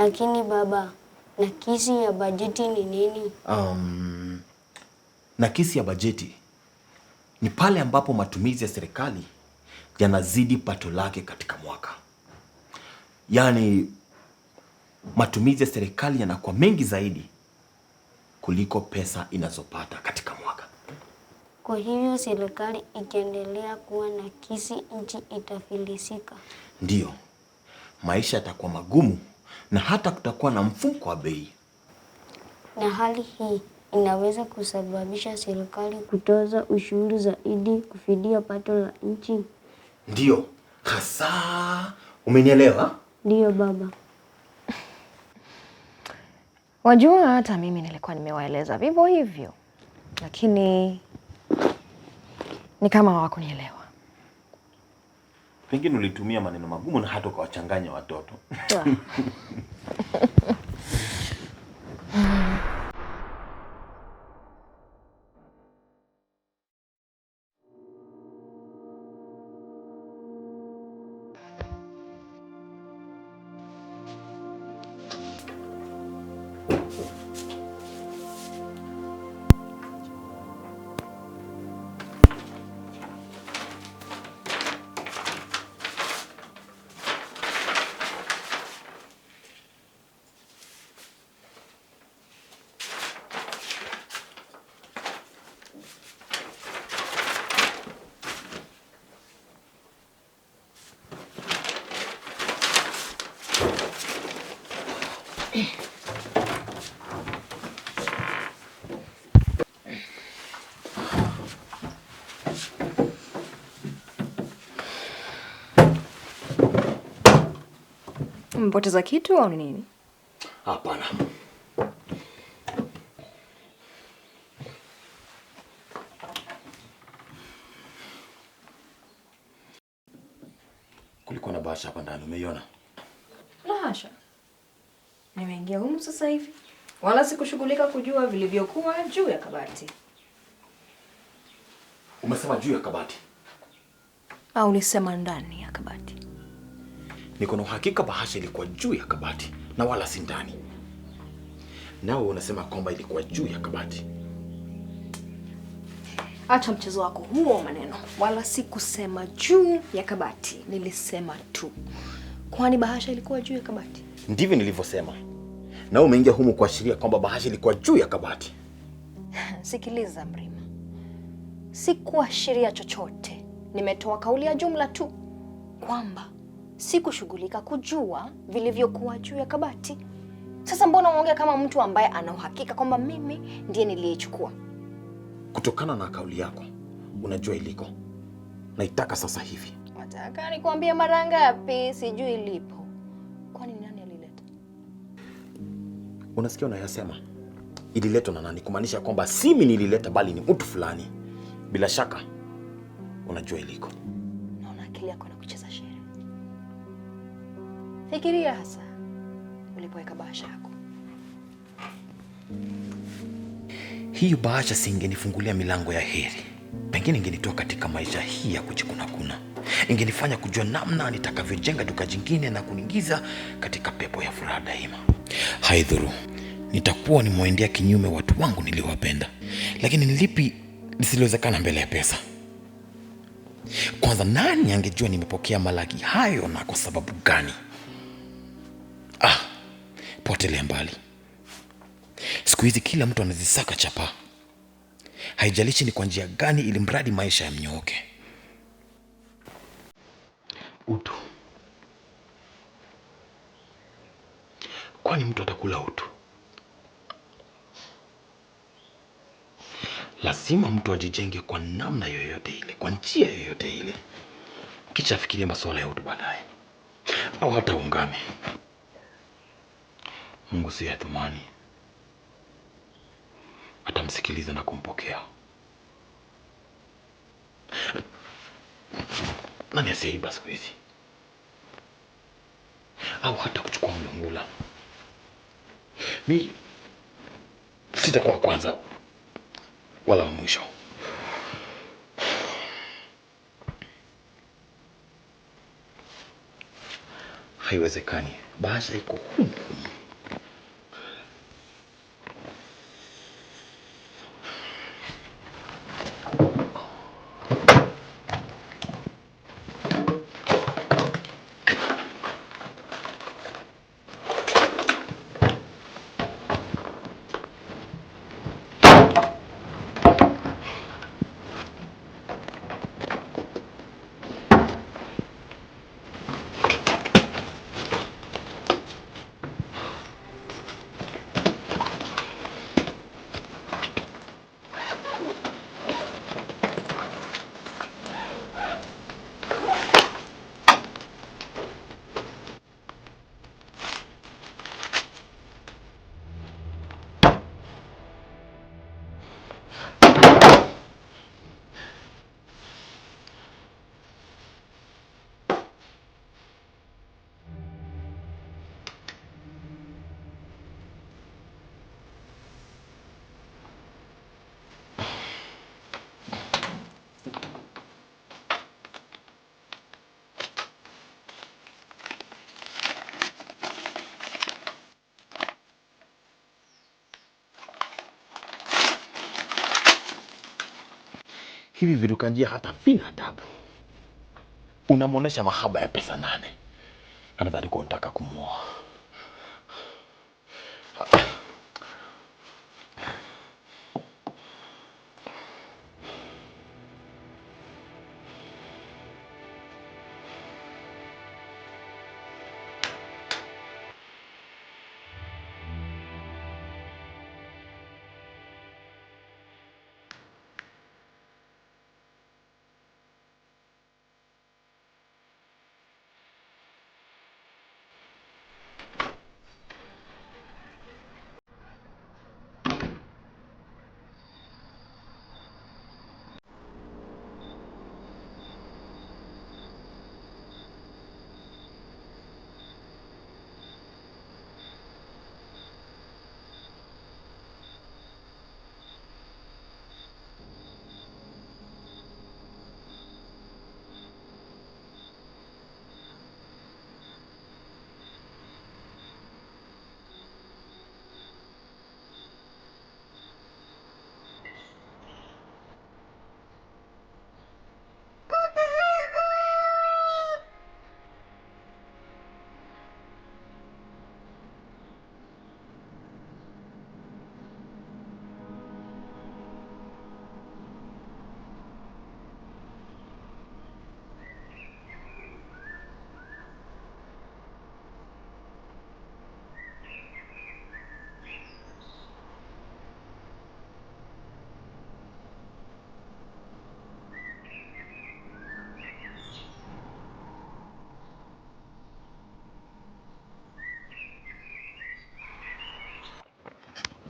Lakini baba, nakisi ya bajeti ni nini? Um, nakisi ya bajeti ni pale ambapo matumizi ya serikali yanazidi pato lake katika mwaka. Yaani matumizi ya serikali yanakuwa mengi zaidi kuliko pesa inazopata katika mwaka. Kwa hivyo serikali ikiendelea kuwa nakisi, nchi itafilisika. Ndiyo, maisha yatakuwa magumu na hata kutakuwa na mfumko wa bei, na hali hii inaweza kusababisha serikali kutoza ushuru zaidi kufidia pato la nchi. Ndiyo hasa, umenielewa? Ndiyo baba. Wajua, hata mimi nilikuwa nimewaeleza vivyo hivyo, lakini ni kama hawakunielewa pengine ulitumia maneno magumu na hata ukawachanganya watoto Umepoteza kitu au nini? Hapana. Kulikuwa na bahasha hapa ndani, umeiona? Bahasha nimeingia humu sasa hivi, wala sikushughulika kujua vilivyokuwa juu ya kabati. Umesema juu ya kabati au ulisema ndani ya kabati? niko na uhakika bahasha ilikuwa juu ya kabati na wala si ndani. Nawe unasema kwamba ilikuwa juu ya kabati. Acha mchezo wako huo maneno, wala si kusema juu ya kabati, nilisema tu. Kwani bahasha ilikuwa juu ya kabati? Ndivyo nilivyosema, na umeingia humu kuashiria kwamba bahasha ilikuwa juu ya kabati. Sikiliza Mrima, sikuashiria chochote, nimetoa kauli ya jumla tu kwamba sikushughulika kujua vilivyokuwa juu ya kabati. Sasa mbona unaongea kama mtu ambaye ana uhakika kwamba mimi ndiye niliyechukua? Kutokana na kauli yako, unajua iliko, naitaka sasa hivi. Nataka nikuambie mara ngapi? Sijui ilipo. Kwani nani alileta? Unasikia unayasema, ililetwa na nani? Kumaanisha kwamba si mimi nilileta, bali ni mtu fulani. Bila shaka unajua iliko. Naona akili yako inakucheza Fikiria hasa ulipoweka bahasha yako hiyo. Bahasha singenifungulia milango ya heri, pengine ingenitoa katika maisha hii ya kujikunakuna, ingenifanya kujua namna nitakavyojenga duka jingine na kuningiza katika pepo ya furaha daima. Haidhuru, nitakuwa nimwendea kinyume watu wangu niliowapenda, lakini ni lipi lisilowezekana mbele ya pesa? Kwanza, nani angejua nimepokea malaki hayo na kwa sababu gani? ah, potelea mbali. Siku hizi kila mtu anazisaka chapa, haijalishi ni kwa njia gani, ili mradi maisha yamnyooke. Utu kwani mtu atakula utu? Lazima mtu ajijenge kwa namna yoyote ile, kwa njia yoyote ile, kisha afikirie masuala ya utu baadaye, au hata ungame. Mungu si Athumani atamsikiliza na kumpokea. Nani asiyeiba siku hizi, au hata kuchukua mlungula? Mi sitakuwa kwanza wala wa mwisho. Haiwezekani. Bahasha iko humu humu. hivi kanjia hata vina adabu. Unamwonesha mahaba ya pesa nane, anadhani kuwa unataka kumwoa.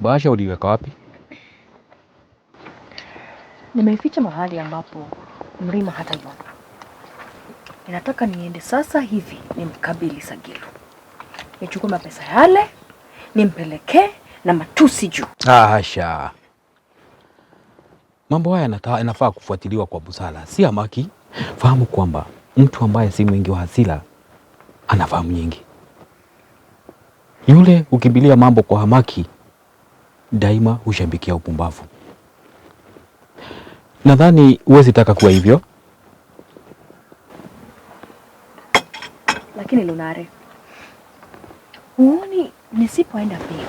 Bahasha uliweka wapi? Nimeificha mahali ambapo Mrima hata iona. Ninataka niende sasa hivi nimkabili Sagilu, nichukue mapesa yale nimpelekee na matusi juu. Ah, hasha! Mambo haya yanafaa kufuatiliwa kwa busara, si amaki. Fahamu kwamba mtu ambaye si mwingi wa hasira anafahamu nyingi. Yule ukimbilia mambo kwa hamaki daima hushambikia upumbavu. Nadhani huwezi taka kuwa hivyo. Lakini Lunare, huoni nisipoenda mbio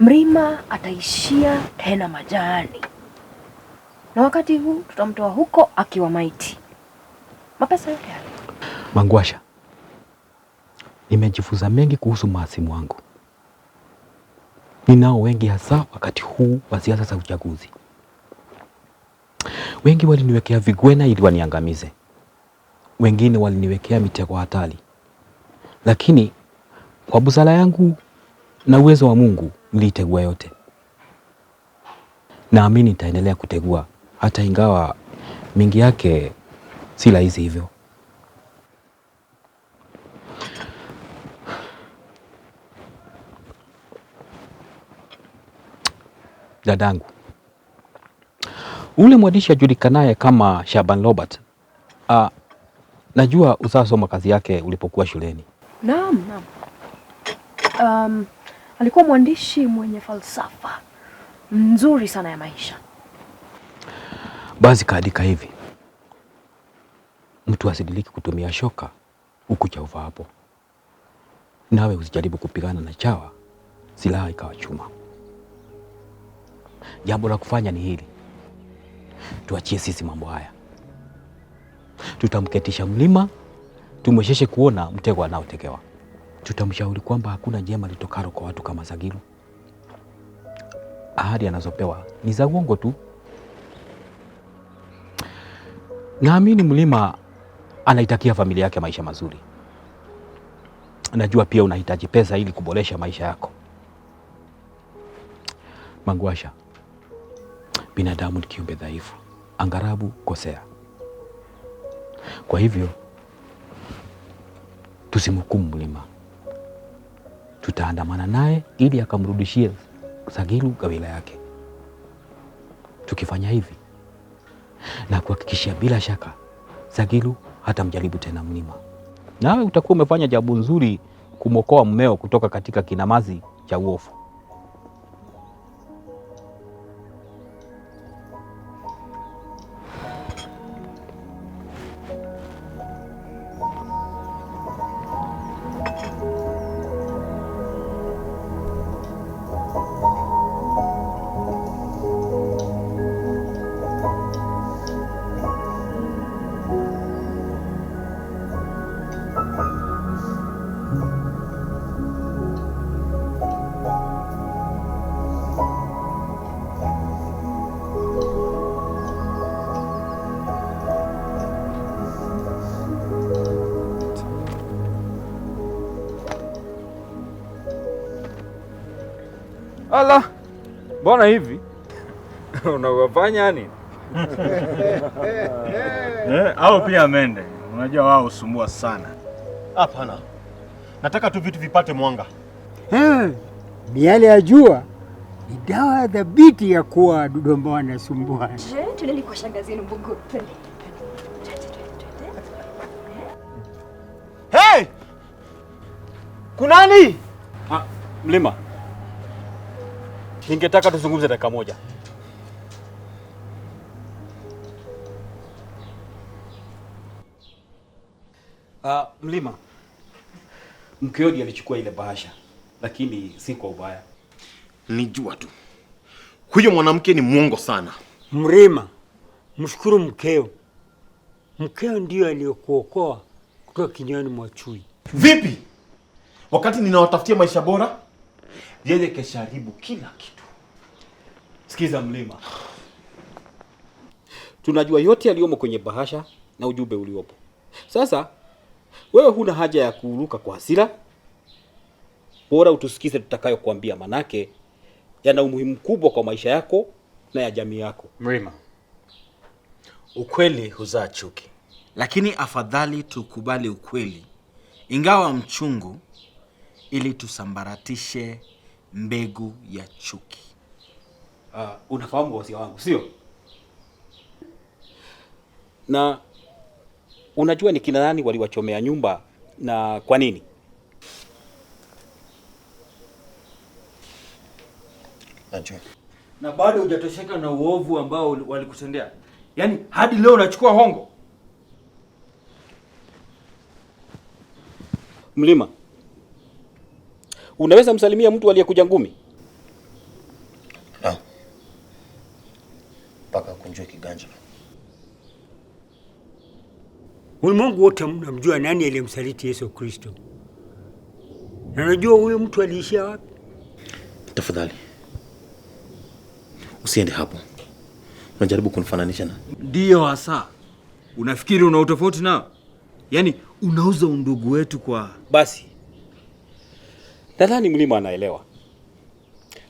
mrima ataishia tena majani, na wakati huu tutamtoa huko akiwa maiti. Mapesa yote haya, Mangwasha, nimejifunza mengi kuhusu maasimu wangu ninao wengi, hasa wakati huu wa siasa za uchaguzi. Wengi waliniwekea vigwena ili waniangamize, wengine waliniwekea mitego hatari, lakini kwa busara yangu na uwezo wa Mungu niliitegua yote. Naamini nitaendelea kutegua hata ingawa mingi yake si rahisi hivyo. dadangu. Ule mwandishi ajulikanaye kama Shaban Robert, uh, najua usasoma kazi yake ulipokuwa shuleni. Naam, naam. Um, alikuwa mwandishi mwenye falsafa nzuri sana ya maisha. Basi kaandika hivi: mtu asidiliki kutumia shoka huku chauva hapo, nawe usijaribu kupigana na chawa, silaha ikawa chuma. Jambo la kufanya ni hili, tuachie sisi mambo haya. Tutamketisha Mlima, tumwesheshe kuona mtego anaotekewa. Tutamshauri kwamba hakuna jema litokalo kwa watu kama zagilu Ahadi anazopewa ni za uongo tu. Naamini Mlima anaitakia familia yake maisha mazuri. Najua pia unahitaji pesa ili kuboresha maisha yako Mangwasha binadamu ni kiumbe dhaifu, angarabu kosea. Kwa hivyo tusimhukumu mlima, tutaandamana naye ili akamrudishie Sagilu kabila yake. Tukifanya hivi na kuhakikishia, bila shaka Sagilu hata mjaribu tena mlima, nawe utakuwa umefanya jambo nzuri kumwokoa mmeo kutoka katika kinamazi cha uofu. Mbona hivi unawafanya nini? Eh, au pia mende, unajua wao husumbua sana. Hapana, nataka tu vitu vipate mwanga. Miale eh, ya jua ni dawa dhabiti ya kuwa Dodoma wanasumbua. Hey! Kunani? Ah, mlima ningetaka tuzungumze dakika moja. Uh, Mlima, Mkeoji alichukua ile bahasha, lakini si kwa ubaya. Nijua tu huyo mwanamke ni mwongo sana. Mlima, mshukuru mkeo. Mkeo ndiyo aliyokuokoa kutoka kinywani mwa chui. Vipi wakati ninawatafutia maisha bora yeye kesharibu kila kitu. Sikiza mlima, tunajua yote yaliyomo kwenye bahasha na ujumbe uliopo. Sasa wewe huna haja ya kuuruka kwa hasira, bora utusikize tutakayokuambia, manake yana umuhimu mkubwa kwa maisha yako na ya jamii yako. Mlima, ukweli huzaa chuki, lakini afadhali tukubali ukweli, ingawa mchungu, ili tusambaratishe mbegu ya chuki. Uh, unafahamu wasia wangu sio? Na unajua ni kina nani waliwachomea nyumba na kwa nini? Najua. Na bado hujatosheka na uovu ambao walikutendea, yaani hadi leo unachukua hongo Mlima. Unaweza msalimia mtu aliyekuja ngumi mpaka kunjwe kiganja. Ulimwengu wote mnamjua nani aliyemsaliti Yesu Kristo, na najua huyo mtu aliishia wapi. Tafadhali usiende hapo, unajaribu kunifananisha na. Ndiyo hasa unafikiri una utofauti nao, yaani unauza undugu wetu kwa basi Nadhani mlima anaelewa.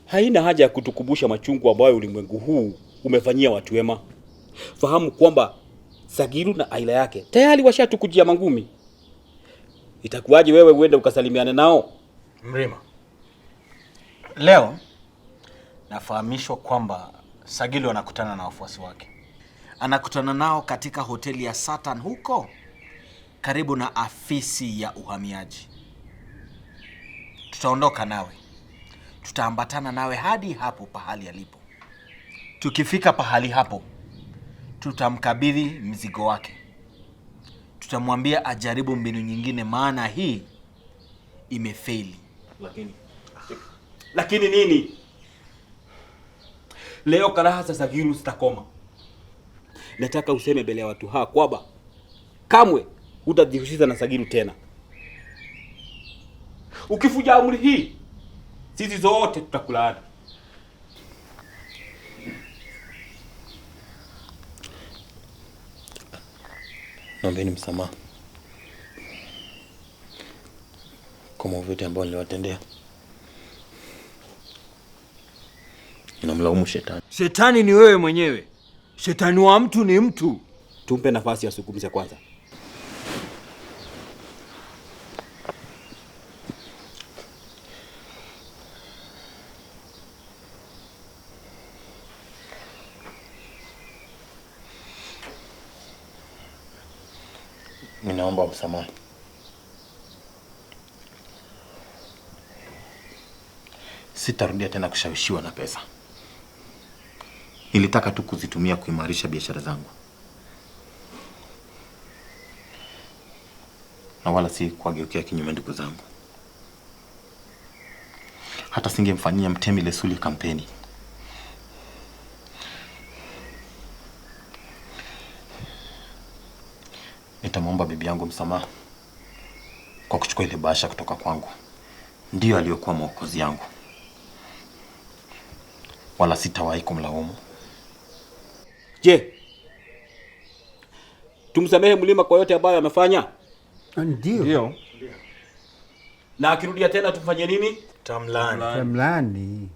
Haina haja ya kutukumbusha machungu ambayo ulimwengu huu umefanyia watu wema. Fahamu kwamba Sagilu na aila yake tayari washatukujia mangumi. Itakuwaje wewe uende ukasalimiane nao? Mrima, leo nafahamishwa kwamba Sagilu anakutana na wafuasi wake, anakutana nao katika hoteli ya Satan huko karibu na afisi ya uhamiaji tutaondoka nawe, tutaambatana nawe hadi hapo pahali alipo. Tukifika pahali hapo, tutamkabidhi mzigo wake, tutamwambia ajaribu mbinu nyingine, maana hii imefeli. Lakini lakini nini? Leo karaha za virus takoma. Nataka useme mbele ya watu hawa kwamba kamwe hutadihusisha na Sagiru tena. Ukifuja amri hii, sisi zote tutakulaani. Naombeni msamaha kwa maovu yote ambayo niliwatendea. Namlaumu shetani. Shetani ni wewe mwenyewe. Shetani wa mtu ni mtu. Tumpe nafasi ya kuzungumza kwanza. wangu Sitarudia tena kushawishiwa na pesa. Nilitaka tu kuzitumia kuimarisha biashara zangu, na wala si kuwageukea kinyume ndugu zangu. Hata singemfanyia Mtemi Lesuli kampeni. msamaha kwa kuchukua ile bahasha kutoka kwangu. Ndiyo aliyokuwa mwokozi yangu, wala sitawahi kumlaumu. Je, tumsamehe Mlima kwa yote ambayo amefanya? Ndio. Ndio. Na akirudia tena tumfanye nini? Tamlani. Tamlani.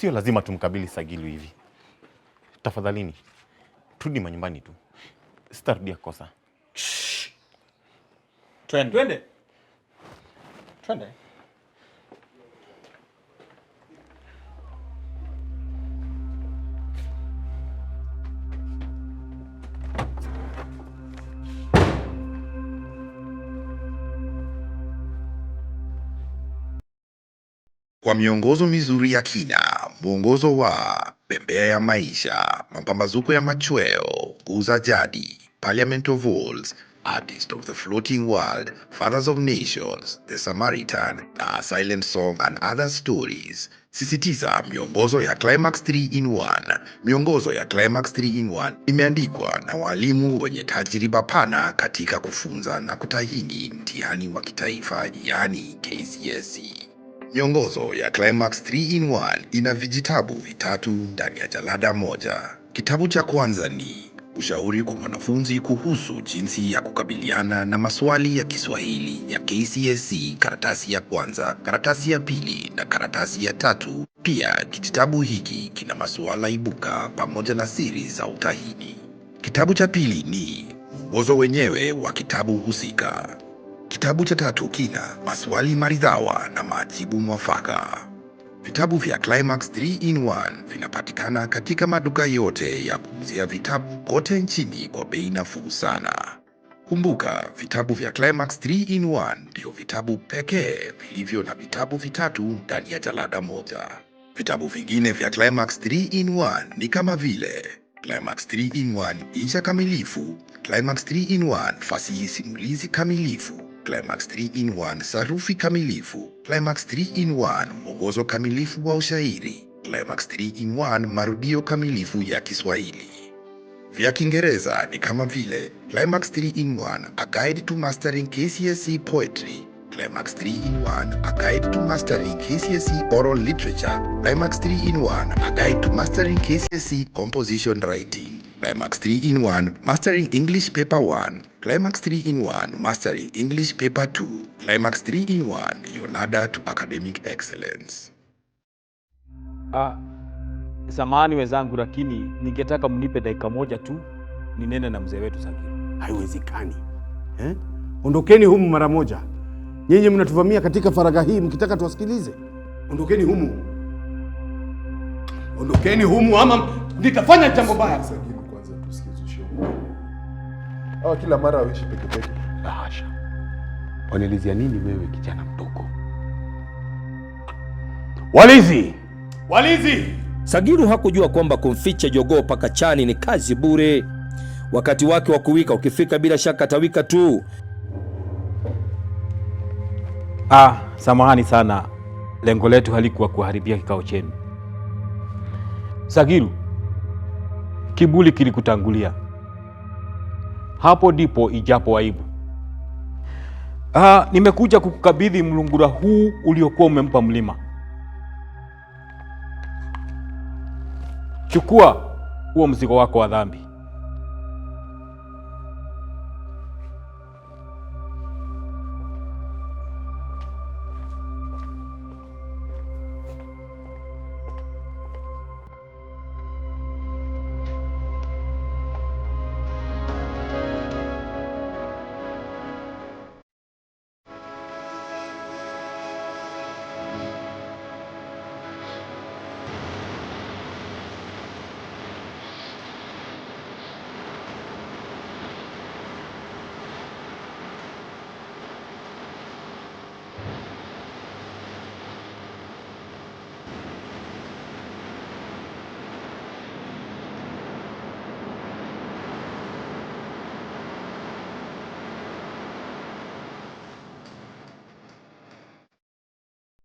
sio lazima tumkabili Sagilu hivi. Tafadhalini turudi manyumbani tu, sitarudia kosa. Twende, twende, twende. kwa miongozo mizuri ya kina, mwongozo wa pembea ya Maisha, Mapambazuko ya Machweo, Guza Jadi, Parliament of Walls, Artist of the Floating World, Fathers of Nations, The Samaritan na Silent Song and Other Stories. Sisitiza miongozo ya Climax 3 in 1. Miongozo ya Climax 3 in 1 imeandikwa na walimu wenye tajriba pana katika kufunza na kutahini mtihani wa kitaifa, yani KCSE. Miongozo ya Climax 3-in-1 ina vijitabu vitatu ndani ya jalada moja. Kitabu cha kwanza ni ushauri kwa mwanafunzi kuhusu jinsi ya kukabiliana na maswali ya Kiswahili ya KCSE, karatasi ya kwanza, karatasi ya pili na karatasi ya tatu. Pia kijitabu hiki kina masuala ibuka pamoja na siri za utahini. Kitabu cha pili ni mwongozo wenyewe wa kitabu husika. Kitabu cha tatu kina maswali maridhawa na majibu mwafaka. Vitabu vya Climax 3 in 1 vinapatikana katika maduka yote ya kuuzia vitabu kote nchini kwa bei nafuu sana. Kumbuka, vitabu vya Climax 3 in 1 ndio vitabu pekee vilivyo na vitabu vitatu ndani ya jalada moja. Vitabu vingine vya Climax 3 in 1 ni kama vile Climax 3 in 1 insha kamilifu, Climax 3 in 1 fasihi simulizi kamilifu Climax 3-in-1 sarufi kamilifu, Climax 3-in-1 mwongozo kamilifu wa ushairi, Climax 3-in-1 marudio kamilifu ya Kiswahili. Vya Kiingereza ni kama vile Climax 3-in-1 A Guide to Mastering KCSE Poetry, Climax 3-in-1 A Guide to Mastering KCSE Oral Literature, Climax 3-in-1 A Guide to Mastering KCSE Composition Writing. Climax 3 in 1 Mastering English Paper 1, Climax 3 in 1 Mastering English Paper 2, Climax 3 in 1 your ladder to Academic Excellence. Ah, samahani wenzangu, lakini ningetaka mnipe dakika moja tu ninene na mzee wetu Sagira. Haiwezekani eh? Ondokeni humu mara moja, nyinyi mnatuvamia katika faragha hii mkitaka tuwasikilize. Ondokeni humu, ondokeni humu ama nitafanya jambo baya. Hawa oh, kila mara waishi peke peke. Lahasha. Wanaelezea nini wewe kijana mdogo? Walizi! Walizi! Sagiru hakujua kwamba kumficha jogoo chani ni kazi bure. Wakati wake wa kuwika ukifika, bila shaka atawika tu. Ah, samahani sana, lengo letu halikuwa kuharibia kikao chenu. Sagiru, kibuli kilikutangulia hapo ndipo ijapo aibu. Ah, nimekuja kukukabidhi mlungura huu uliokuwa umempa mlima. Chukua huo mzigo wako wa dhambi.